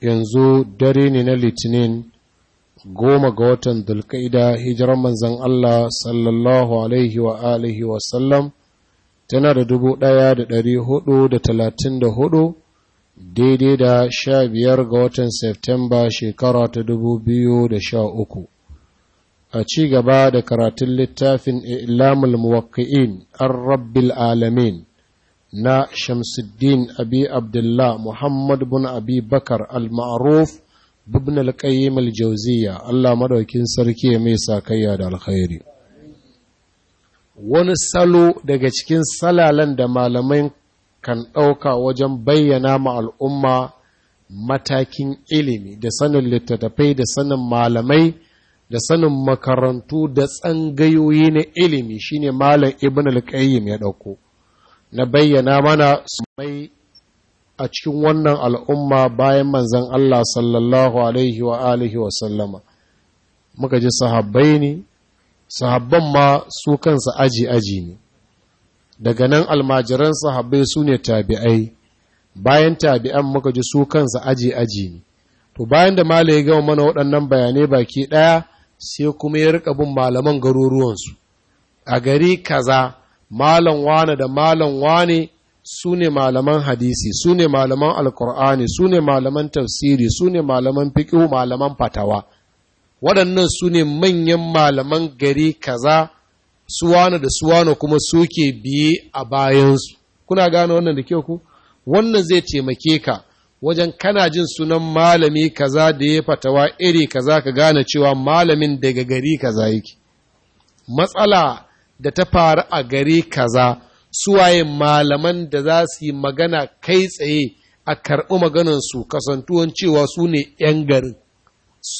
yanzu dare ne na litinin goma ga watan dulkaida hijiran manzan Allah sallallahu alaihi wa alihi sallam tana da dubu ɗaya da ɗari hudu da talatin da hudu daidai da sha biyar ga watan Septemba shekara ta dubu biyu da sha uku. A ci gaba da karatun littafin Ilamul Muwakki'in an rabbil alamin. na Shamsuddin Abi Abdullah Muhammad bin Abi Bakar al-Ma'ruf ibn al-Qayyim al-Jawziyya Allah madaukin sarki ya mai sakayya da alkhairi wani salo daga cikin salalan da malamai kan ɗauka wajen bayyana ma al'umma matakin ilimi da sanin littattafai da sanin malamai da sanin makarantu da tsangayoyi na ilimi shine malam ibn al-qayyim ya ɗauko na bayyana mana mai a cikin wannan al'umma bayan manzan Allah sallallahu Alaihi wa alihi wa sallama muka ji sahabbai ne sahabban ma su kansa aji-aji ne daga nan almajiran sahabbai su ne tabi'ai bayan tabi'an muka ji su kansa aji-aji ne to bayan da malaye ya gama mana waɗannan bayanai baki ɗaya sai kuma ya rika bin malaman garuruwansu a gari kaza malam wane da malam wane su ne malaman hadisi su ne malaman alkur'ani su ne malaman tafsiri su ne malaman fiƙi malaman fatawa waɗannan su ne manyan malaman gari kaza su wane da su wane kuma suke biye a bayansu kuna gane wannan da kyau ku wannan zai taimake ka wajen kana jin sunan malami kaza da ya fatawa iri kaza ka gane cewa malamin daga gari kaza yake matsala da ta faru a gari kaza suwaye malaman da za su yi magana kai tsaye a karɓi maganansu kasantuwan cewa su ne ‘yan garin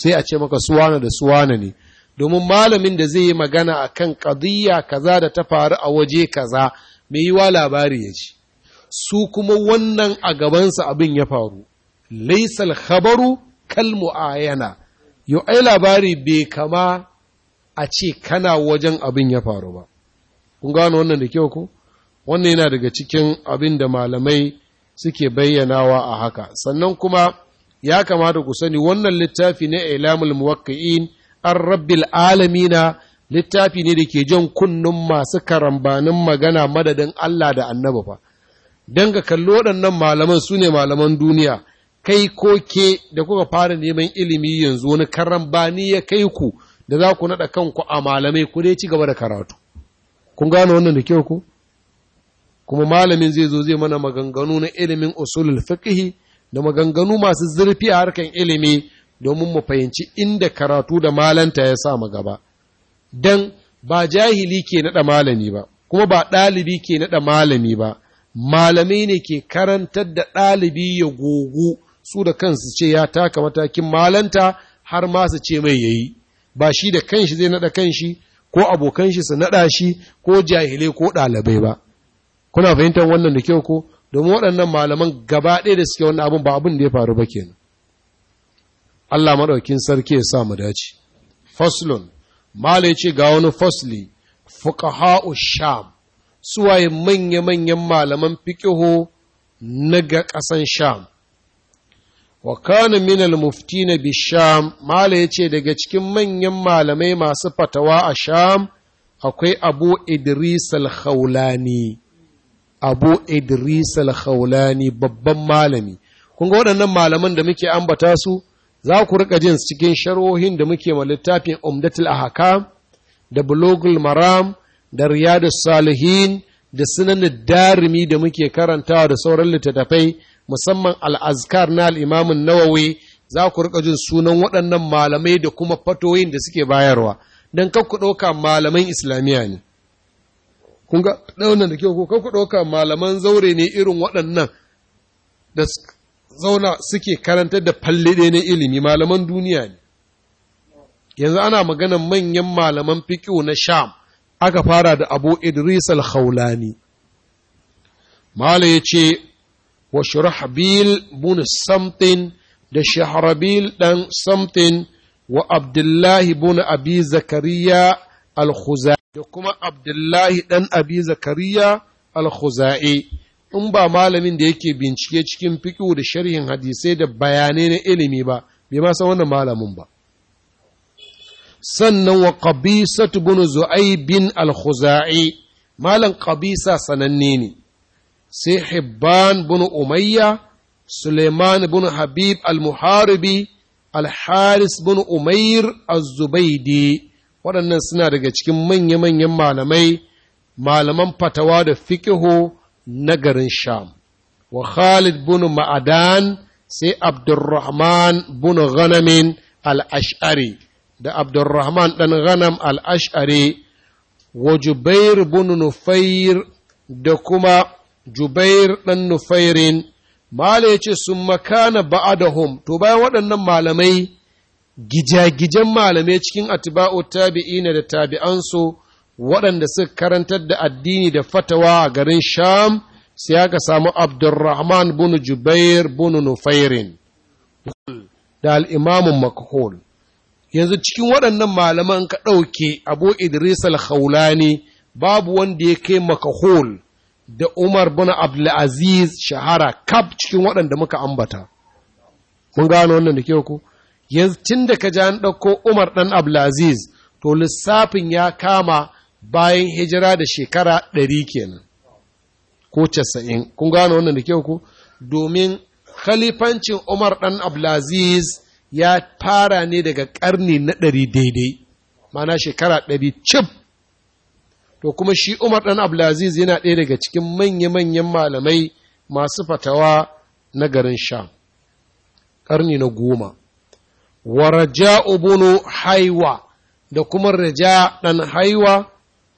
sai a ce maka suwana da suwana ne domin malamin da zai yi magana a kan ƙadiyya kaza da ta faru a waje kaza mai yiwa labari ya ci su kuma wannan a gabansa abin ya faru laisal khabaru kal mu'ayana yau ai labari bai kama a ce kana wajen abin ya faru ba kun gano wannan da kyau ko wannan yana daga cikin abin da malamai suke bayyanawa a haka sannan kuma ya kamata ku sani wannan littafi na ilamul muwakki'in an rabbil alamina littafi ne da ke jan kunnun masu karambanin magana madadin Allah da annabi fa dan ga kallo waɗannan malaman su ne malaman duniya kai ko ke da kuka fara neman ilimi yanzu wani karambani ya kai ku da za ku naɗa kanku a malamai ku dai ci gaba da karatu kun gano wannan da kyau ko kuma malamin zai zo zai mana maganganu na ilimin usulul fiqhi da maganganu masu zurfi a harkan ilimi domin mu fahimci inda karatu da malanta ya sa mu gaba dan ba jahili ke nada malami ba kuma ba ɗalibi ke nada malami ba malamai ne ke karantar da ɗalibi ya gogo su da kansu ce ya taka matakin malanta har ma su ce mai yayi ba shi da kanshi zai nada kanshi ko abokan shi su naɗa shi ko jahilai ko ɗalibai ba kuna fahimtar wannan da kyau ko domin waɗannan malaman gaba ɗaya da suke wannan abin ba abin da ya faru ba kenan Allah maɗaukin sarki ya sa mu dace faslun mala ya ce ga wani fasli fuqaha'u sham suwaye manya-manyan malaman fiqihu na ga ƙasan sham wa kana min al-muftina bi sham mala yace daga cikin manyan malamai masu fatawa a sham akwai abu idris al-khawlani abu idris al-khawlani babban malami kun ga waɗannan malaman da muke ambata su za ku rika jin cikin sharhohin da muke ma littafin umdatul ahkam da bulugul maram da riyadus salihin da sunan darimi da muke karantawa da sauran littattafai musamman al'azkar na al'imamin nawawi za ku rika jin sunan waɗannan malamai da kuma fatoyin da suke bayarwa don ku ɗauka malaman islamiyya ne kun ga ɗaunan da kyau ku ɗauka malaman zaure ne irin waɗannan da zauna suke karantar da fallide na ilimi malaman duniya ne yanzu ana maganan manyan malaman fiƙo na sham aka fara da abu idris al-khawlani mala ya ce wa shurahbil bin samtin da shahrabil dan samtin wa abdullahi bin abi zakariya al-khuzai da kuma abdullahi dan abi zakariya al-khuzai in ba malamin da yake bincike cikin fiƙo da sharhin hadisai da bayanai na ilimi ba bai ma san wannan malamin ba sannan wa qabisatu bin zu'ai bin al-khuzai malam qabisa sananne ne sai hibban bunu umayya suleiman bunu habib al-muharibi al-haris bunu umair az-zubaidi waɗannan suna daga cikin manya-manyan malamai malaman fatawa da fikihu na garin sham wa khalid bin ma'adan sai abdurrahman bunu ghanamin al-ash'ari da abdurrahman ɗan ghanam al-ash'ari wa jubair bin nufair da kuma jubair ɗan nufairin mala ya ce sun makana ba'adahum to bayan waɗannan malamai gijagijen malamai cikin atiba'u na da tabi'ansu waɗanda suka karantar da addini da fatawa a garin sham sai aka samu abdurrahman bin jubair bin nufairin da al'imamun makhul yanzu cikin waɗannan malaman ka ɗauke abu idris al babu wanda ya kai makahol da Umar bin Abdulaziz shahara kab cikin waɗanda muka ambata. Mun gano wannan da ke ku? Yanzu tun da ka jan ɗauko Umar ɗan Abdulaziz, to lissafin ya kama bayan hijira da shekara ɗari kenan, ko casa'in. Kun gano wannan da ke ku? Domin khalifancin Umar ɗan Abdulaziz ya fara ne daga ƙarni na ɗari daidai, mana shekara ɗari cif to kuma shi Umar ɗan Abdulaziz yana ɗaya daga cikin manya-manyan malamai masu fatawa na garin Sham, ƙarni na goma. Wa raja ubunu haiwa da kuma raja ɗan haiwa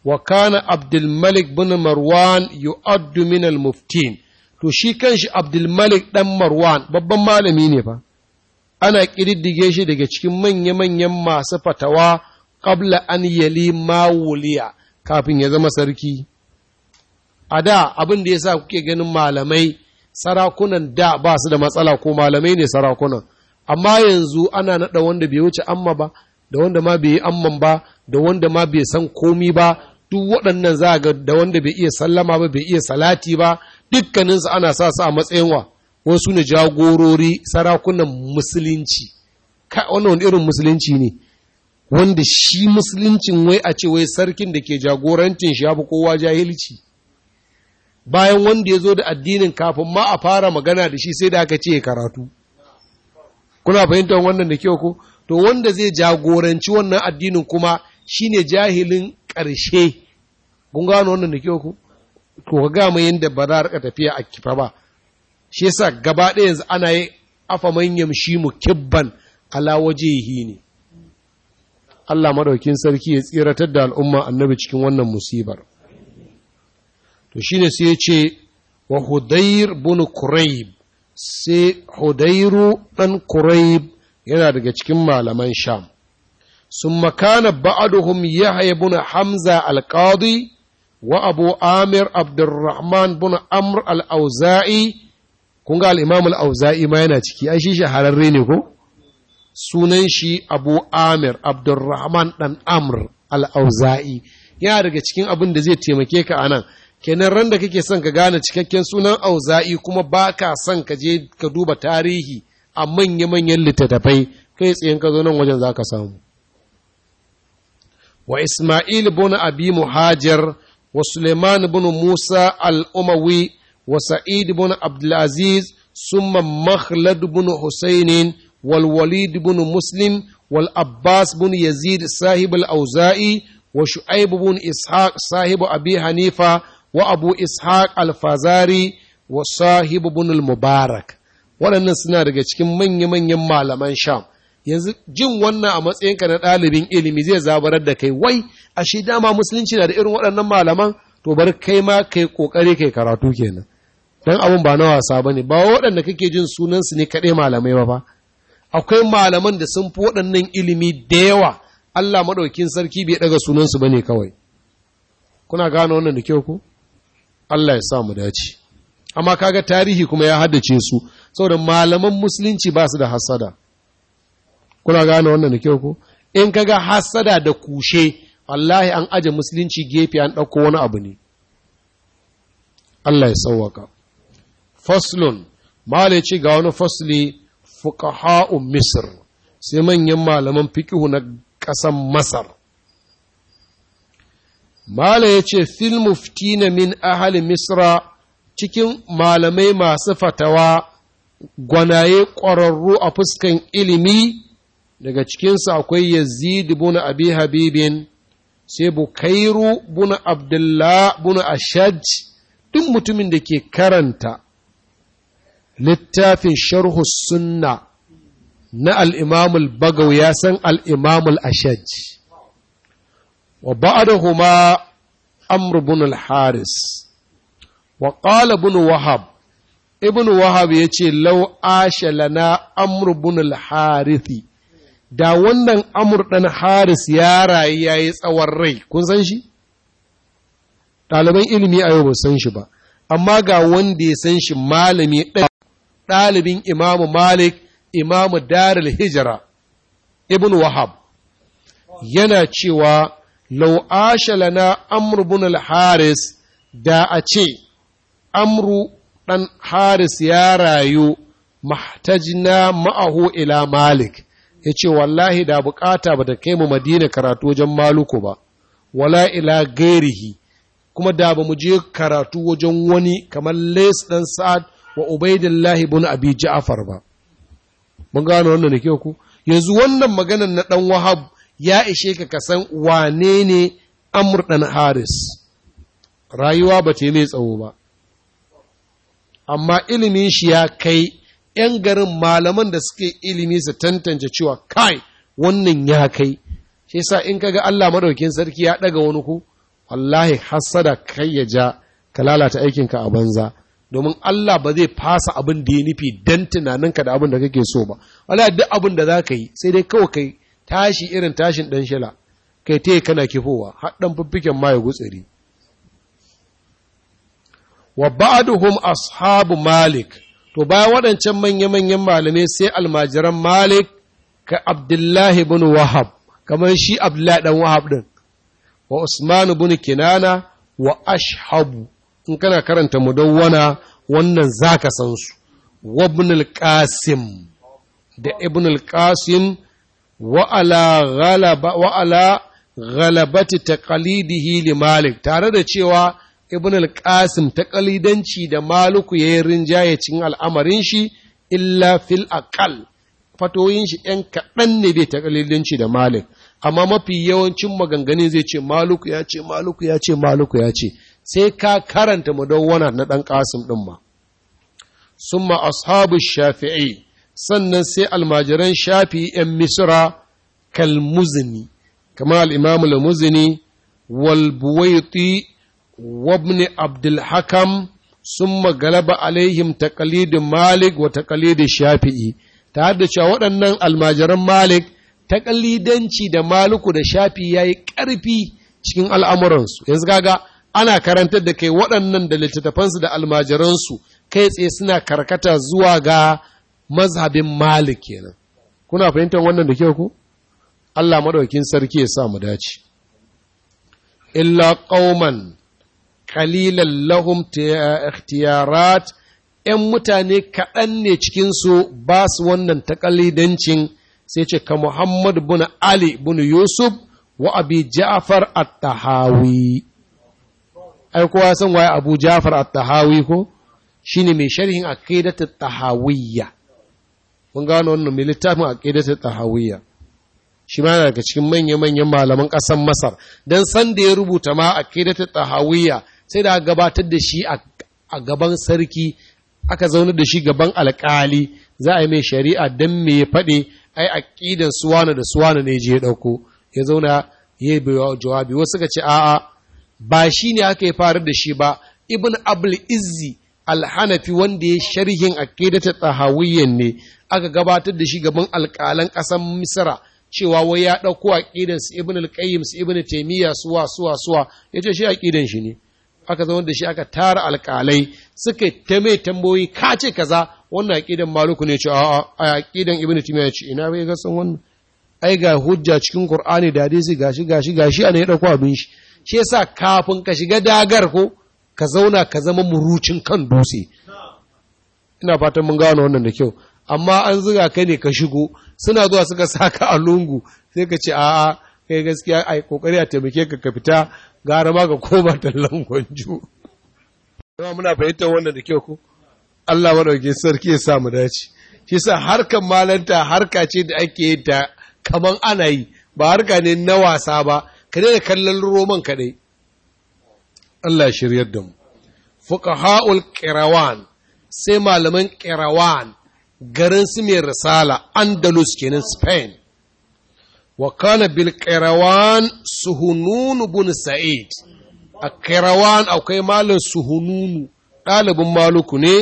wa kana Abdulmalik bin Marwan yu'addu min al-muftin. To shi kanshi Abdulmalik ɗan Marwan babban malami ne fa. Ana ƙididdige shi daga cikin manya-manyan masu fatawa ƙabla an yali mawuliya. kafin ya zama sarki a da abin da ya sa kuke ganin malamai sarakunan da ba su da matsala ko malamai ne sarakunan amma yanzu ana naɗa wanda bai wuce amma ba da wanda ma bai yi amman ba da wanda ma bai san komi ba duk waɗannan za ga da wanda bai iya sallama ba bai iya salati ba dukkaninsu ana sa su a matsayin wa wasu ne jagorori sarakunan musulunci wannan wani irin musulunci ne wanda shi musuluncin wai a ce wai sarkin da ke jagorancin shi abu kowa jahilci bayan wanda ya zo da addinin kafin ma a fara magana da shi sai da aka ce karatu kuna fahimtar wannan da kyau ko to wanda zai jagoranci wannan addinin kuma shine jahilin ƙarshe kun gano wannan da kyau ko to ga gama yadda ba za a rika tafiya a kifa ba shi yasa gaba ɗaya yanzu ana yi afa manyan shi mu kibban ala wajehi ne Allah maɗaukin sarki ya tsiratar da al'umma annabi cikin wannan musibar. To shi ne sai ce, wa Hudayr bin kuraib sai Hudairu ɗan kuraib yana daga cikin malaman Sham. Sun makana ba'aduhum Yahya bin Hamza al-Qadi wa Abu Amir Abdurrahman bin Amr al-Auza'i, kun ga auzai ma yana ciki, ai shi shahararre ne ko? sunan shi abu amir abdurrahman dan amr al'auza'i yana daga cikin abin da zai taimake ka a nan kenan ran da kake son ka gane cikakken sunan auza'i kuma ba ka son ka je ka duba tarihi a manya-manyan littattafai kai tsayin ka zo nan wajen za ka samu wa isma'il bin abi muhajir wa suleiman bin musa al'umawi wa sa'id bin abdulaziz summa makhlad bin husainin والوليد بن مسلم والعباس بن يزيد صاحب الأوزائي وشعيب بن إسحاق صاحب أبي حنيفة وأبو إسحاق الفازاري وصاحب بن المبارك waɗannan suna daga cikin manya-manyan malaman sham yanzu jin wannan a matsayinka na ɗalibin ilimi zai zabarar da kai wai a shi dama musulunci na da irin waɗannan malaman to bar kai ma kai ƙoƙari kai karatu kenan don abun ba na wasa ba ne ba waɗanda kake jin sunansu ne kaɗai malamai ba ba akwai malaman da sun fi waɗannan ilimi da yawa Allah maɗaukin sarki bai ɗaga sunansu ba ne kawai kuna gane wannan da kyau ku Allah ya sa mu dace amma kaga tarihi kuma ya haddace su saboda malaman musulunci ba su da hasada. kuna gane wannan da kyau ko in kaga hassada da kushe wallahi an aje musulunci gefe an ɗauko wani abu ne Allah ya sauwaka faslun mala ga wani fasli fuqaha'u misr sai manyan malaman fikihu na ƙasan masar mala ya ce fil muftina min ahali misra cikin malamai masu fatawa gwanaye ƙwararru a fuskan ilimi daga cikinsu akwai yazid buna abi habibin sai bukairu buna abdullah buna ashaj duk mutumin da ke karanta littafin sharhu sunna na al'imamul bagau ya san al'imamul ashaj wa ba'adahuma amr bin al-haris wa ƙala bin wahab ibn wahab ya ce lau ashe lana amr bin al-harithi da wannan amur ɗan haris ya rayu ya yi tsawon rai kun san shi ɗaliban ilimi a yau ba san shi ba amma ga wanda ya san shi malami ɗaya ɗalibin imamu malik imamu darul hijra ibn wahab yana cewa lau ashalana amru bin al-haris da a ce amru ɗan haris ya rayu mahtajina ma'ahu ila malik ya ce wallahi da bukata ba ta kai mu madina karatu wajen maluku ba wala ila gairihi kuma da ba mu je karatu wajen wani kamar les ɗan sa'ad wa Ubaidillahi bin Abi Ja'far ba mun gano wannan da ke ku yanzu wannan maganar na ɗan Wahab ya ishe ka ka san wane ne Amr dan Haris rayuwa ba ce mai tsawo ba amma ilimin shi ya kai ‘yan garin malaman da suke ilimi su tantance cewa kai wannan ya kai, shi sa in kaga Allah madaukin sarki ya ɗaga wani ku, wallahi hassada kai ya ja ka lalata aikinka a banza, domin Allah ba zai fasa abin da ya nufi dan tunaninka da abin da kake so ba wala duk abin da za ka yi sai dai kawai kai tashi irin tashin ɗan shila kai yi kana kifowa har fiffiken ma ya gutsiri wa ba'duhum ashabu malik to bayan waɗancan manya-manyan malamai sai almajiran malik ka abdullahi bin wahab kamar shi abdullahi dan wahab ɗin, wa usman bin kinana wa ashabu in kana karanta mudawwana wannan zaka san su wabnul qasim da ibnul qasim wa ala ghalaba wa ala ghalabati taqalidihi li malik tare da cewa ibnul qasim taqalidanci da maliku yayin rinjaye cin al'amarin shi illa fil aqal fatoyin shi ‘yan kaɗan ne bai ta da Malik, amma mafi yawancin maganganin zai ce Maluku ya ce, Maluku ya ce, Maluku ya ce, sai ka karanta mudawwana na ɗan ƙasim ɗin ma. Summa ashabu shafi'i sannan sai almajiran shafi ‘yan misra kalmuzini, kama al'imamu lamuzini, walbuwaiti, wabni abdulhakam, summa galaba alaihim taƙalidin malik wa taƙalidin shafi'i, ta da cewa waɗannan almajiran malik taƙalidanci da maluku da shafi ya yi ƙarfi cikin al'amuransu, yanzu gaga ana karantar da kai waɗannan da littattafansu da almajiransu kai tsaye suna karkata zuwa ga mazhabin malik kenan kuna fahimtar wannan da kyau ku Allah madaukin sarki ya sa mu dace illa qauman qalilan lahum eh, ikhtiyarat ‘yan mutane kaɗan ne cikinsu ba su wannan taƙalidancin sai ce ka Muhammad bin Ali bin Yusuf wa abi Ja'far at-Tahawi. ai kowa san waye Abu Ja'far at-Tahawi ko shine mai sharhin aqidat at-tahawiyya mun gano wannan mai littafin aqidat at-tahawiyya shi ma daga cikin manya-manyan malaman ƙasar Masar dan san da ya rubuta ma aqidat at-tahawiyya sai da gabatar da shi a gaban sarki aka zaunar da shi gaban alƙali za a yi mai shari'a dan me ya fade ai aqidan suwana da suwana ne je ya dauko ya zauna yayi jawabi wasu suka ce a'a ba shi ne aka yi faru da shi ba ibn abul izzi alhanafi wanda ya sharhin ta tsahawiyyar ne aka gabatar da shi gaban alƙalan ƙasar misra cewa wai ya ɗauko a su ibn al su ibn taymiya suwa suwa suwa yace shi aqidan shi ne aka zama da shi aka tara alƙalai suka ta mai tambayoyi ka ce kaza wannan aqidan maluku ne ce a ibn taymiya ina bai ga san wannan ai ga hujja cikin qur'ani da hadisi gashi gashi gashi ana ya ɗauko abin shi shi yasa kafin ka shiga dagar ko ka zauna ka zama murucin kan dutse ina fatan mun gano wannan da kyau amma an zuga ka ne ka shigo suna zuwa suka saka a lungu sai ka ce a'a kai gaskiya ai kokari a taimake ka ka fita gara ma ka koma tallan gwanjo amma muna fahimtar wannan da kyau ko Allah madauke sarki ya sa mu dace shi yasa harkar malanta harka ce da ake yi ta kaman ana yi ba harka ne na wasa ba ka daina kallon roman kaɗai Allah shiryar da mu fuqaha'ul qirawan sai malaman qirawan garin su mai risala andalus kenan spain wa kana bil qirawan suhunun bun sa'id a qirawan akwai malam suhununu ɗalibin maluku ne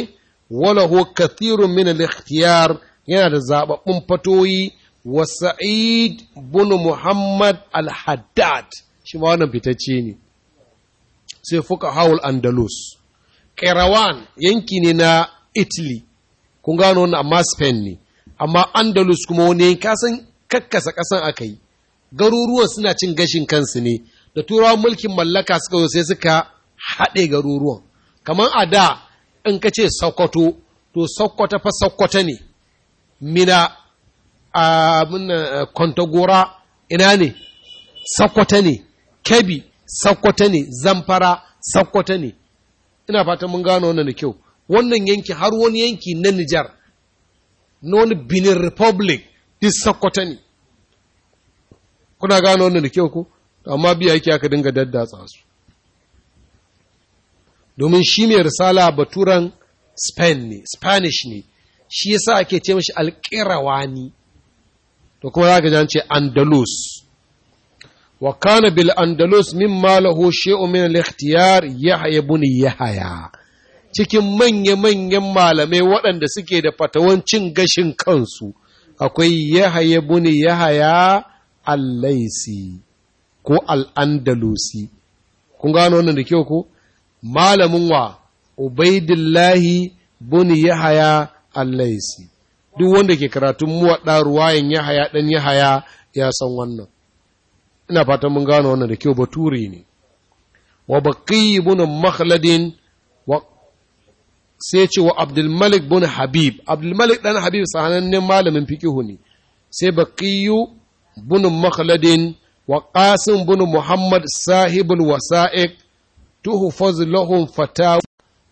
wala huwa kathirun min al-ikhtiyar yana da zababbun fatoyi wa sa'id bin muhammad al-haddad shi ma wannan fitacce ne sai fuka hawul andalus kairawan yanki ne na italy kun gano wannan amma spain ne amma andalus kuma wani kasan kakkasa kasan aka yi garuruwan suna cin gashin kansu ne da turawan mulkin mallaka suka zo sai suka haɗe garuruwan kamar a da in ka ce sokoto to sokoto fa sokoto ne mina kontagora eh, kwantagora ina ne sakwata ne kebi sakwata ne zamfara sakwata ne ina fatan mun gano wannan da kyau wannan yanki har wani yanki na nijar na wani benin republic di sakwata ne kuna gano wannan da kyau ku, amma biya yake aka dinga daddatsa su domin shi mai risala baturan spain ne spanish ne shi yasa ake ce mashi ne to kuma za ka ji an ce andalus wa kana bil andalus min malahu shay'un min al-ikhtiyar yahya ibn yahya cikin manya-manyan malamai waɗanda suke da fatawancin gashin kansu akwai yahaya buni yahaya allaisi ko al'andalusi kun gano wannan da kyau ko malamin wa ubaidillahi buni yahaya allaisi duk wanda ke karatun muwaɗa ya haya ɗan ya haya ya san wannan ina fatan mun gano wannan da kyau bature ne wa baƙi bunan makhladin wa sai ce wa Abdulmalik bunan habib Abdulmalik ɗan habib sanannen malamin fikihu ne sai yi bunan makhladin wa ƙasin bunan muhammad sahibul wasaik tuhu lahum fatawa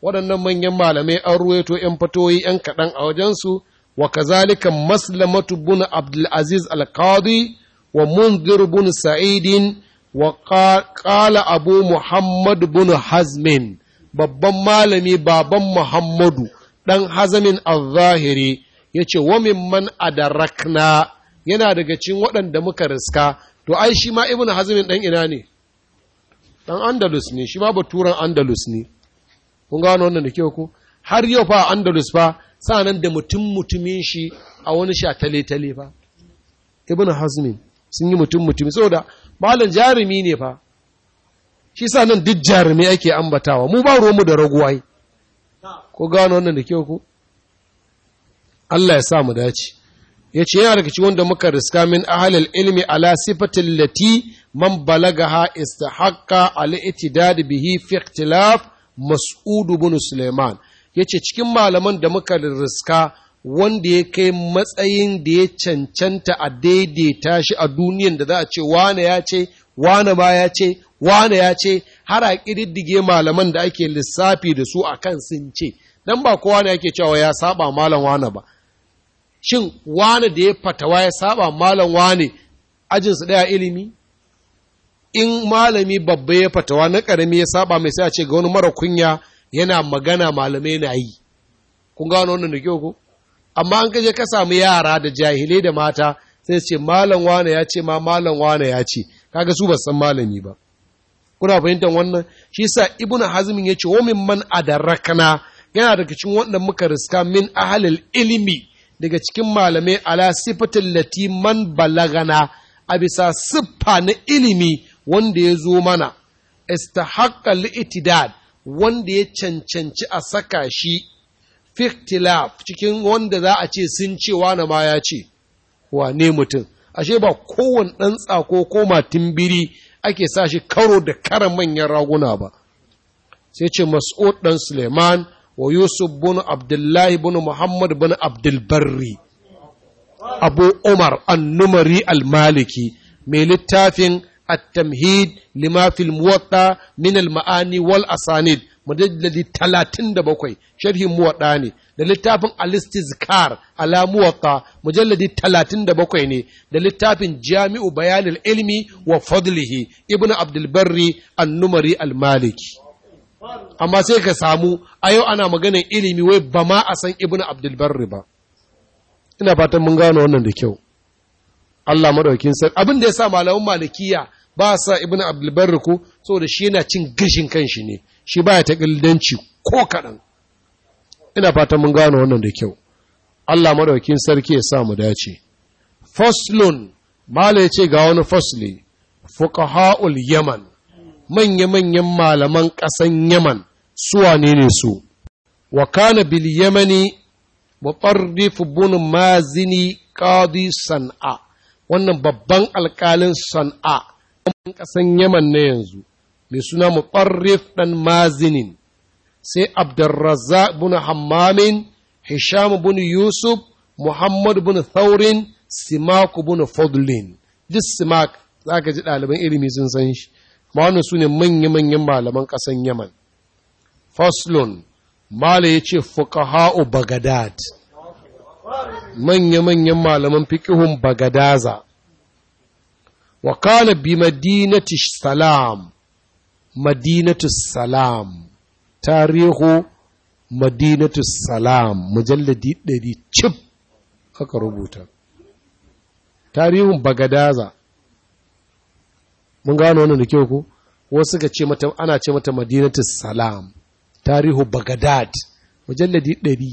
waɗannan manyan malamai an ruwaito ‘yan fatoyi ‘yan kaɗan a wajensu wa kazalika maslamatu bin abdulaziz alqadi wa munzir bin sa'idin wa qala abu muhammad bin hazmin babban malami baban muhammadu ɗan hazamin al-zahiri ya ce wa man adarakna yana daga cikin waɗanda muka riska to ai shi ma ibn hazmin ɗan ina ne ɗan andalus ne shi ma baturan andalus ne kun gano wannan da kyau ko har yau fa andalus fa sanan da mutum mutumin shi a wani sha tale-tale ba ibn hazmin sun yi mutum mutumi da, malam jarumi ne fa shi sa nan duk jarumi ake ambatawa mu ba mu da raguwai ko gano wannan da kyau ko Allah ya sa mu dace ya ce yana rikici wanda muka riska min ahalil ilmi ala sifatin lati man balagaha istahaqqa ala itidad bihi fi ikhtilaf mas'ud ibn Suleiman ya ce cikin malaman da muka riska wanda ya kai matsayin da ya cancanta a daidaita shi a duniyan da za a ce wane ya ce wane ma ya ce wane ya ce har a ƙididdige malaman da ake lissafi da su a kan sun ce don ba kowa ne ake cewa ya saba malam wane ba shin wane da ya fatawa ya saba malam wane ajinsu ɗaya ilimi in malami babba ya fatawa na ƙarami ya saba mai sai a ce ga wani mara kunya yana magana malamai na yi kun gano wannan da kyau ko amma an kaje ka samu yara da jahilai da mata sai ce malam wane ya ce ma malam wane ya ce kaga su ba san malami ba kuna fahimtar wannan shi sa ibnu hazm ya ce wa min man adarakana yana daga cikin wanda muka riska min ahalil ilimi daga cikin malamai ala sifatin lati man balagana a bisa siffa na ilimi wanda ya zo mana istahaqqa itidad wanda ya cancanci a saka shi fiktilaf cikin wanda za a ce sun ce baya ma ya ce wane mutum ashe ba kowane ɗan tsako ko matin biri ake sa shi karo da karan manyan raguna ba sai ce mas'ud ɗan suleiman wa yusuf bin abdullahi bin muhammad bin abdulbarri abu umar an annumari almaliki mai littafin التمهيد لما في fil من المعاني maani wal asanid mujalladi 37 sharhi muwatta ne da littafin al-istizkar ala mujalladi 37 ne da littafin jami'u bayanil ilmi wa fadlihi ibnu amma sai ka samu a yau ana maganin ilimi wai ba ma a san ibnu abdul ba ina fatan mun gano wannan da kyau Allah madaukin sai abin da ya sa malamin malikiya ba sa ibn Abdul ko saboda shi yana cin gashin shi ne shi ba ya taƙildanci ko kaɗan ina fatan mun gano wannan da kyau Allah maɗaukin sarki ya sa mu dace faslun mala ya ce ga wani fasli fuqaha'ul yaman manya-manyan malaman ƙasan yaman su wane ne su wa kana bil yamani mutarrif bin mazini qadi san'a wannan babban alƙalin san'a ɗan ƙasan Yaman na yanzu, mai suna Muɓarrif ɗan Mazinin, sai Abdurraza bin Hammamin, Hisham bin Yusuf, Muhammad bin Thaurin, Simaku bin fudlin, Duk Simak za ka ji ɗaliban ilimi sun san shi, ma wannan su ne manya-manyan malaman ƙasan Yaman. Faslon, Mala ya ce Fukaha'u Bagadad, manya-manyan malaman fikihun Bagadaza. Wakanabi kala bi madinati salam madinatu salam tarihu madinatu salam mujalladi ɗari cif aka rubuta tarihin bagadaza mun gano wannan da kyau wasuka wasu ce mata ana ce mata madinatu salam tarihu bagadad mujalladi ɗari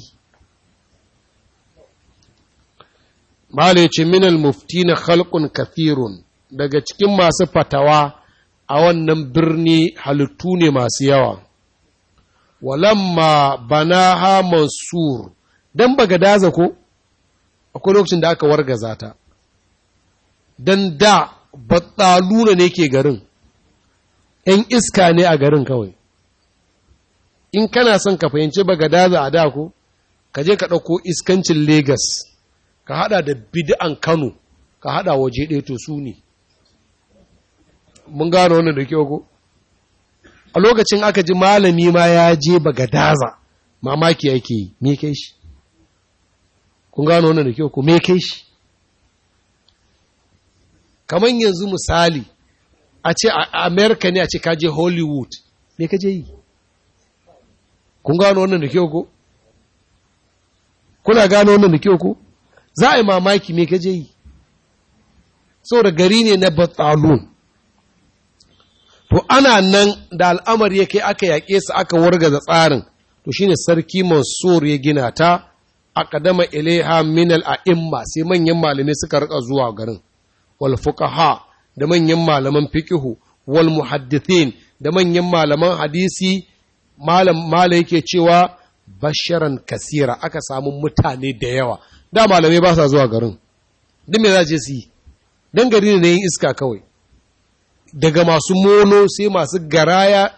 mala ya mufti na muftina kafirun. daga cikin masu fatawa a wannan birni halittu ne masu yawa walamma banaha mansur don baga daza ko akwai lokacin da aka warga zata. Don da batsaluna ne ke garin ‘yan iska ne a garin kawai in kana son ka fahimci bagadaza a da ko ka je ka ɗauko iskancin Legas, ka haɗa da bid'an Kano, ka haɗa waje ɗaya to su ne. mun gano wannan da kyau ko a lokacin aka ji malami ma ya je daza, mamaki yake yi me kai shi kun gano wannan da kyau ko me kai shi kaman yanzu misali a ce a America ne a ce ka je Hollywood me ka je yi kun gano wannan da kyau ko kuna gano wannan da kyau ko za a yi mamaki me ka je yi saboda gari ne na batalun to ana nan da al'amari ya kai aka yaƙe su aka wargaza tsarin to shine sarki mansur ya gina ta a kadama ilaiha min al'a'imma sai manyan malamai suka rika zuwa garin wal fuqaha da manyan malaman fiqihu wal muhaddithin da manyan malaman hadisi malam mala yake cewa basharan kasira aka samu mutane da yawa da malamai ba sa zuwa garin duk me za je su yi dan gari ne yin iska kawai daga masu mono sai masu garaya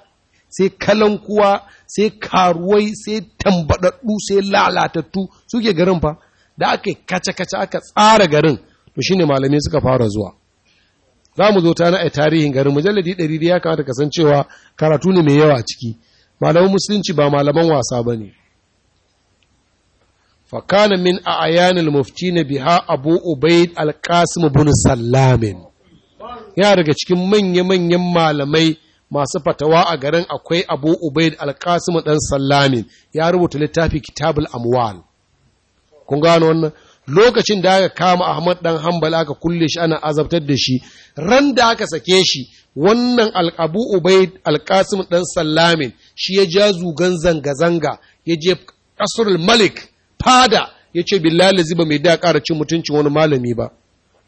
sai kalankuwa sai karuwai sai tambaɗaɗɗu sai lalatattu suke garin fa da aka kace-kace aka tsara garin to shine malamai suka fara zuwa za mu zo ta na tarihin garin mujalladi ɗari ya kamata kasancewa karatu ne mai yawa a ciki malaman musulunci ba malaman wasa ba ne fakana min a ayanil mufti biha abu ubaid alkasim ibn sallamin Ya daga cikin manya-manyan malamai masu fatawa a garin akwai abu ubaid alkasimu ɗan sallamin ya rubuta littafi kitabul amwal kun gano wannan lokacin da aka kama ahmad ɗan hambala aka kulle shi ana azabtar da shi ran da aka sake shi wannan abu ubaid alkasimu ɗan sallamin shi ya ja zugan zanga-zanga ya je ƙasar malik fada ya ce billahi ba mai da ƙara cin mutuncin wani malami ba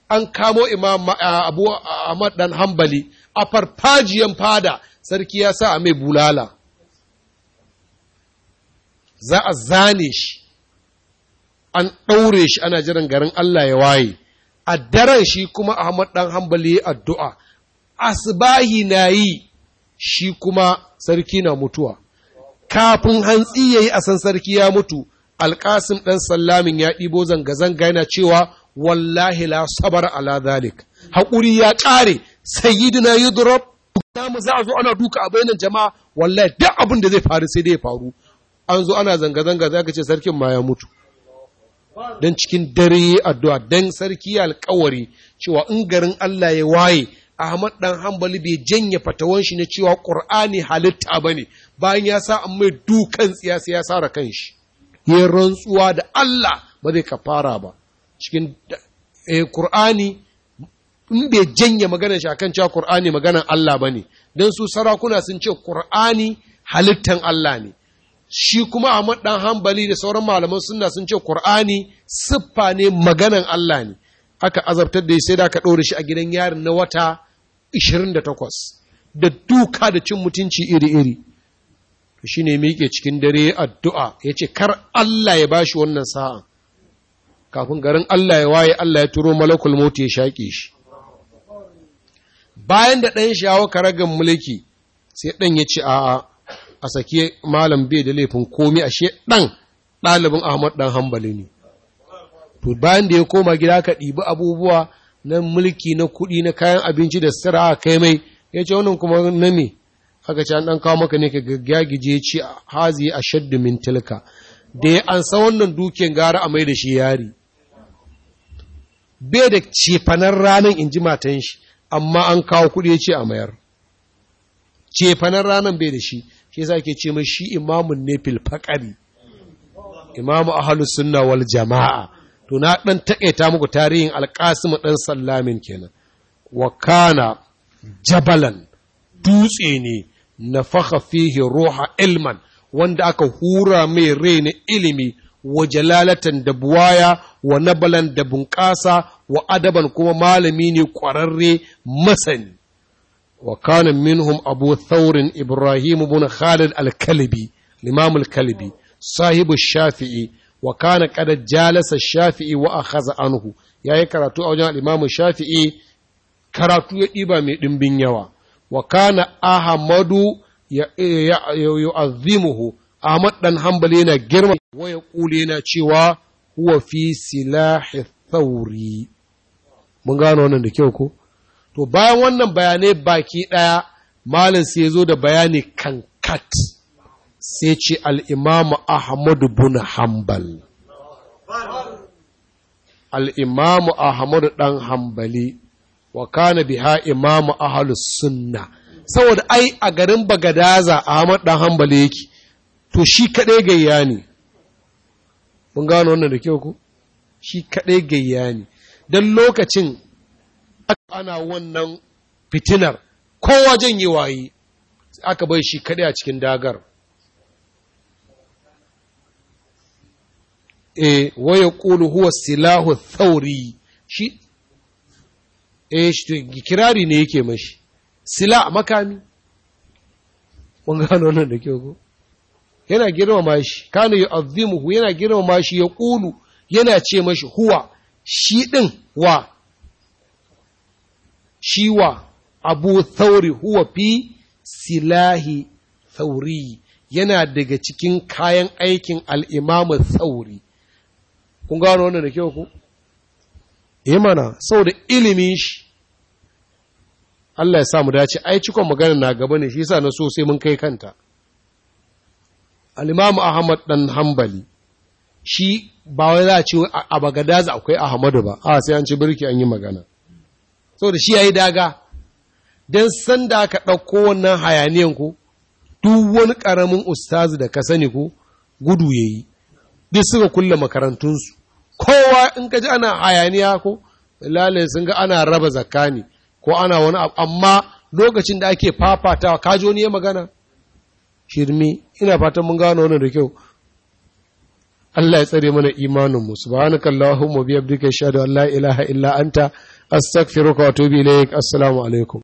an kamo imam abu ahmad dan hambali a farfajiyan fada sarki ya sa a mai bulala za a zane shi an ɗaure shi ana jiran garin Allah ya waye a daren shi kuma Ahmad dan hambali ya addu'a asbahi na yi shi kuma sarki na mutuwa kafin hantsi ya yi a san sarki ya mutu alƙasim ɗan sallamin ya ɗibo zanga-zanga yana cewa wallahi la sabar ala dhalik haƙuri ya ƙare sayyidina yudrab namu za a zo ana duka a bainar jama'a wallahi duk abin da zai faru sai dai ya faru an zo ana zanga-zanga za ce sarkin ma ya mutu don cikin dare addu'a don sarki alkawari cewa in garin Allah ya waye Ahmad ɗan hambali bai janye fatawan shi na cewa Qur'ani halitta bane bayan ya sa an mai dukan siyasa ya kan shi. Ya rantsuwa da Allah ba zai kafara ba cikin eh in bai janye maganar shi akan cewa Kur'ani maganan Allah ba ne. dan su sarakuna sun ce Kur'ani halittan Allah ne shi kuma Ahmad ɗan hambali da sauran malaman sunna sun ce Kur'ani siffa ne maganan Allah ne aka azabtar da sai da aka ɗora shi a gidan yarin na wata 28 da duka da cin mutunci iri-iri shi ne miƙe cikin dare addu'a ya ce kar Allah ya bashi wannan sa'an. kafin garin Allah ya waye Allah ya turo malakul mauti ya shaƙe shi bayan da ɗan shi yawo karagan mulki sai ɗan ya ce a'a a sake malam bai da laifin komi shi ɗan ɗalibin Ahmad ɗan hambali ne to bayan da ya koma gida ka ɗibi abubuwa na mulki na kuɗi na kayan abinci da sira kai mai ya ce wannan kuma na me aka ce ɗan kawo maka ne ka gaggagije ce hazi a shaddu mintilka tilka da ya ansa wannan dukiyar gara a mai da shi yari bai da cefanen ranar in ji matan shi amma an kawo kuɗi ya ce a mayar cefanen ranar bai da shi shi yasa ke ce mai shi imamun ne fil faƙari imamu ahlus sunna wal jama'a to na dan takaita muku tarihin alqasim ɗan sallamin kenan wa kana jabalan dutse ne nafakha fihi ruha ilman wanda aka hura mai rai na ilimi wa jalalatan da buwaya wa nabalan da bunƙasa wa adaban kuma malami ne ƙwararre masani wa kana minhum abu thaurin ibrahim buna khalid al-kalbi limam al-kalbi sahibu shafi'i wa kana qad jalasa shafi'i wa akhadha anhu yayi karatu a wajen al shafi'i karatu ya ɗiba mai ɗimbin yawa wa ahmadu ya yu'azzimuhu Ahmad dan Hanbali yana girma waya ƙule yana cewa huwa fi silahi thauri mun gano wannan da kyau ko to bayan wannan bayanai baki ɗaya, malam sai zo da bayani kankat sai ce al-Imam Ahmad bin Hanbal al-Imam Ahmad dan Hanbali wa kana biha imamu ahlus sunna saboda ai a garin bagadaza Ahmad dan Hanbali yake to shi kaɗai gayya ne mun gano wannan da kyau ku shi kaɗai gayya ne don lokacin ana wannan fitinar kowa janye waye aka bai shi kaɗai a cikin dagar e eh, waya ƙulu huwa silahu thauri shi e kirari ne yake mashi sila makami mun gano wannan da kyau ku. yana girmama shi kana azimuhu yana girmama shi ya kulu, yana ce mashi huwa shi ɗin wa shi wa abu thauri huwa fi silahi thauri yana daga cikin kayan aikin al-imam thauri kun gano wannan da kyau ku eh mana saboda ilimin shi Allah ya sa mu dace ai cikon magana na gaba ne shi yasa na so sai mun kai kanta al'imamu ahmad ɗan hambali shi ba wai za a ce a bagadaza akwai ahmadu ba a sai an ci birki an yi magana da shi ya yi daga don sanda aka ɗauko wannan hayaniyan ku duk wani ƙaramin ustazi da ka sani ku gudu ya yi duk suka kulle makarantunsu kowa in ka ji ana hayaniya ko lalai sun ga ana raba zakani ko ana wani abu amma lokacin da ake fafatawa kaji wani ya magana shirme ina fatan mun gano wannan da kyau Allah ya tsare mana imaninmu subhanaka allahumma bihamdika ashhadu an la ilaha illa anta astaghfiruka wa atubu ilaik assalamu alaikum